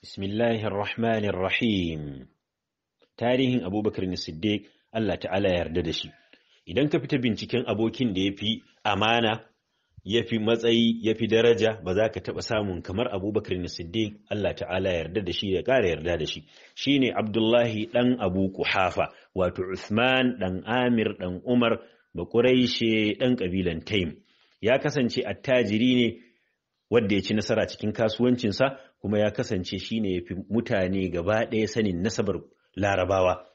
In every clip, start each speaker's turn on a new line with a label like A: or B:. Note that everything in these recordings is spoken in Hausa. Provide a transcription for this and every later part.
A: Bismillahirrahmanirrahim. Tarihin Abubakar Siddiq Allah ta'ala yarda da shi. Idan ka fita binciken abokin da ya fi amana, ya fi matsayi, ya fi daraja, ba za ka taɓa samun kamar Abubakar Siddiq Allah ta'ala yarda da shi ya ƙara yarda da shi. Shi ne Abdullahi ɗan Abu Kuhafa, wato usman ɗan Amir ɗan Umar, ba ɗan ƙabilan Taim. Ya kasance attajiri ne wadda ya ci nasara cikin kasuwancinsa kuma ya kasance shine ya fi mutane gaba ɗaya sanin nasabar larabawa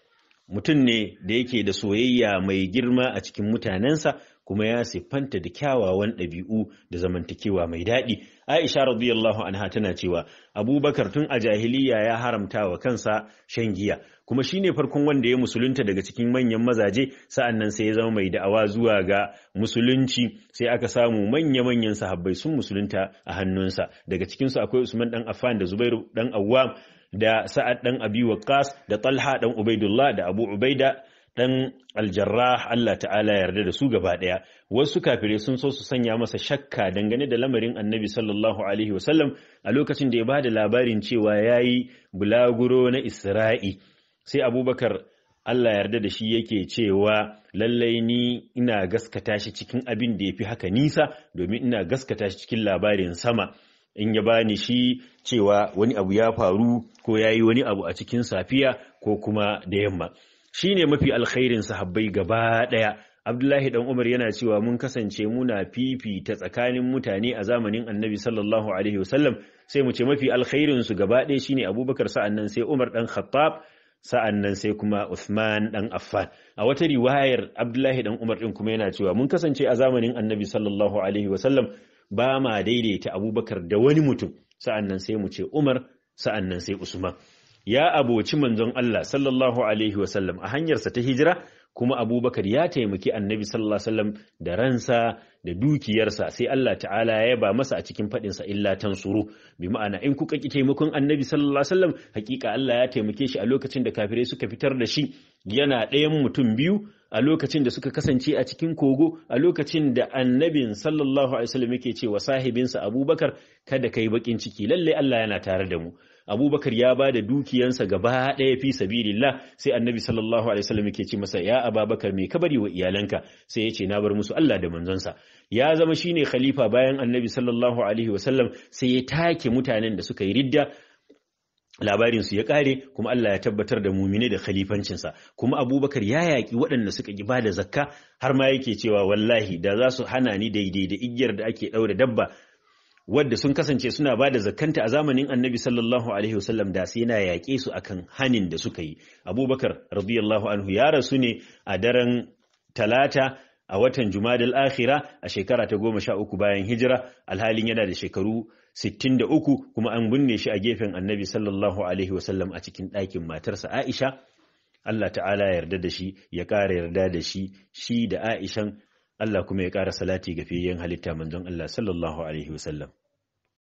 A: mutum ne da yake da soyayya mai girma a cikin mutanensa kuma ya siffanta da kyawawan ɗabi'u da zamantakewa mai daɗi aisha radiyallahu anha tana cewa abubakar tun a jahiliya ya haramta wa kansa shan giya kuma shine farkon wanda ya musulunta daga cikin manyan mazaje sa'annan sai ya zama mai da'awa zuwa ga musulunci sai aka samu manya-manyan sahabbai sun musulunta a hannunsa daga cikinsu akwai usman dan affan da zubairu dan awwam da sa'ad dan abi waqqas da talha dan ubaidullah da abu ubaida Ɗan aljarrah Allah ta'ala yarda da su gaba ɗaya. wasu kafirai sun so su sanya masa shakka dangane da lamarin annabi sallallahu alaihi wasallam a lokacin da ya ba da labarin cewa ya yi bulaguro na Isra'i sai Abubakar Allah yarda da shi yake cewa lallai ni ina gaskata shi cikin abin da ya fi haka nisa domin ina gaskata shi cikin labarin sama in ya bani shi cewa wani abu ya faru ko ya yi wani abu a cikin safiya ko kuma da yamma shine mafi alkhairin sahabbai gaba ɗaya Abdullahi dan Umar yana cewa mun kasance muna fifita tsakanin mutane a zamanin Annabi sallallahu alaihi wasallam sai mu ce mafi alkhairin su gaba ɗaya shine Abubakar sa'annan sai Umar dan Khattab sa'annan sai kuma Uthman dan Affan a wata riwayar Abdullahi dan Umar din kuma yana cewa mun kasance a zamanin Annabi sallallahu alaihi wasallam ba ma daidaita Abubakar da wani mutum sa'annan sai mu ce Umar sa'annan sai Usman ya aboci manzon Allah sallallahu alaihi wasallam a hanyarsa ta hijira kuma abubakar ya taimaki annabi sallallahu alaihi wasallam da ransa da dukiyarsa sai Allah ta'ala ya ba masa a cikin faɗinsa illa tansuru bi ma'ana in kuka ki taimakon annabi sallallahu alaihi wasallam hakika Allah ya taimake shi a lokacin da kafirai suka fitar da shi yana ɗayan mutum biyu a lokacin da suka kasance a cikin kogo a lokacin da annabin sallallahu alaihi wasallam yake ce wa sahibinsa abubakar kada kai bakin ciki lalle Allah yana tare da mu abubakar ya ba da dukiyansa gaba ɗaya fi sabilillah sai annabi sallallahu alaihi wasallam yake ce masa ya ababakar me ka bari wa iyalanka sai yace na bar musu Allah da manzonsa ya zama shine khalifa bayan annabi sallallahu alaihi wasallam sai ya take mutanen da suka yi ridda labarinsu ya kare kuma Allah ya tabbatar da mumine da khalifancinsa kuma abubakar ya yaƙi waɗanda suka ƙi ba da zakka har ma yake cewa wallahi da za su hana ni daidai da igiyar da ake ɗaure dabba wadda sun kasance suna ba da zakkanta a zamanin annabi sallallahu alaihi wasallam da sai yana yaƙe su akan hanin da suka yi abubakar radiyallahu anhu ya rasu ne a daren talata a watan Jumadil Akhira a shekara ta goma sha uku bayan hijira alhalin yana da shekaru sittin da uku kuma an binne shi a gefen annabi sallallahu alaihi wasallam a cikin ɗakin matarsa Aisha Allah ta'ala yarda da shi ya ƙara yarda da shi shi da Aishan Allah kuma ya ƙara salati ga fiyayyen halitta manzon Allah sallallahu alaihi wasallam